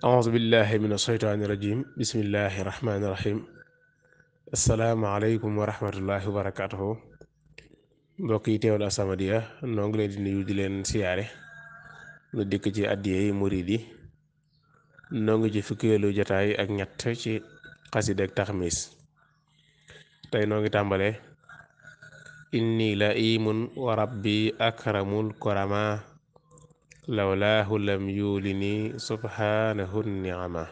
auzu billahi min asheytaani rajim bismillahi rahmaani rahim asalaamaaleykum wa rahmatullahi wa barakatuhu mbokk noo ngi leen di nuyu di leen siyaare nu dikk ci addiyey murid noo ngi ci fukkeelu jotaay ak ñett ci xasida taxmis tey noo ngi tàmbale inni la imun wa rabbi akramul lawlaahu lam yuuli ni subhaanahu niama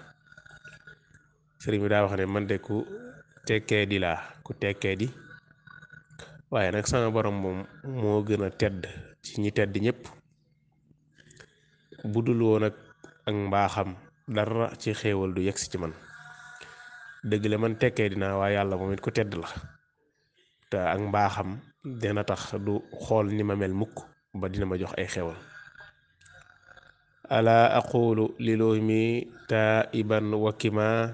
sëriñ bi daa wax ne man de ku tekkee di laa ku tekkee di waaye nag sama boroom moom moo gën a tedd ci ñi tedd ñépp bu dul woon ak ak mbaaxam dara ci xewal du yegsi ci man dëgg la man tekkee dinaa waaye yàlla moom it ku tedd la te ak mbaaxam dina tax du xool ni ma mel mukk ba dina ma jox ay xewal alaa aqulu liluhmi taiban wakima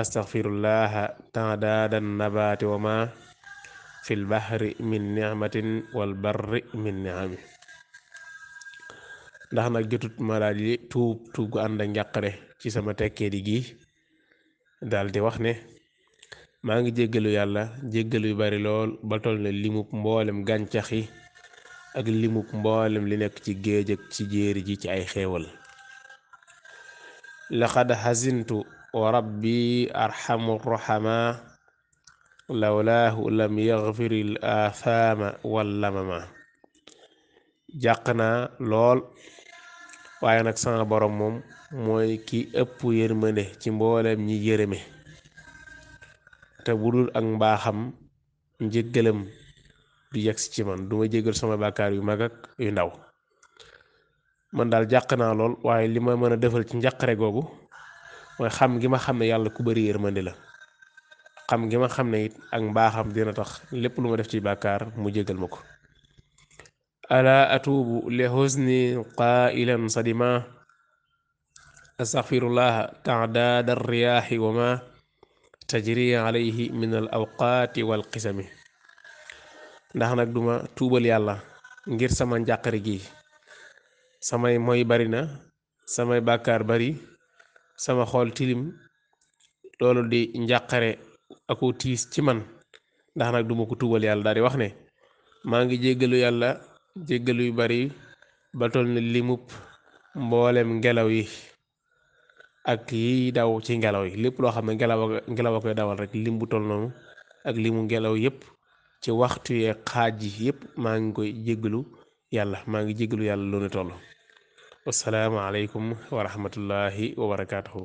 astaghfirullaha taadaadan nabaati wa ma fi lbahri min nicmatin wal barri min nicami ndax nag jotut ma daal tuub tuub gu ànd ak njàqare ci sama tekkee di gi daal di wax ne maa ngi jéggalu yàlla jéggalu yu bari lool ba toll ne limub mboolem gàncax yi ak limuk mboolem li nekk ci géej ci jéeri ji ci ay xéewal laqad xasintu wa rabbi arxamu raxama lawlaahu lam yaxfiril aafaama wallamama jàq na lool waaye nag sama borom moom mooy ki ëpp yërmande ci mboolem ñi yërëme te budul ak mbaaxam njëggalam du yegsi ci man du ma jégal sama bàkkaar yu mag ak yu ndaw man daal jàq naa lool waaye li ma mën a defal ci njaqare googu mooy xam gi ma xam ne yàlla ku bari ma yërmande la xam gi ma xam ne it ak mbaaxam dina tax lépp lu ma def ci bàkkaar mu jégal ma ko ala atuubu li husni qailan sadima astaghfirullah taadaada arriyaahi wa ma tajri alayhi min al awqaati wal qisami ndax nag duma tuubal yàlla ngir sama njàqare gii samay moy bari na samay bàkkaar bari sama xool tilim loolu di njàqare ako tiis ci man ndax nag duma ko tuubal yàlla daal di wax ne maa ngi jéggalu yàlla jéggalu yu bari ba toll ni limub mboolem ngelaw yi ak yi daw ci ngelaw yi lépp loo xam ne ngelaw ngelaw a koy dawal rek lim bu toll noonu ak limu ngelaw yépp ci waxtu yee xaaj yi yëpp maa ngi koy jéggalu yàlla maa ngi jéggalu yàlla loolu toll wassalaamu aleykum wa rahmatullahi wa barakaatuhu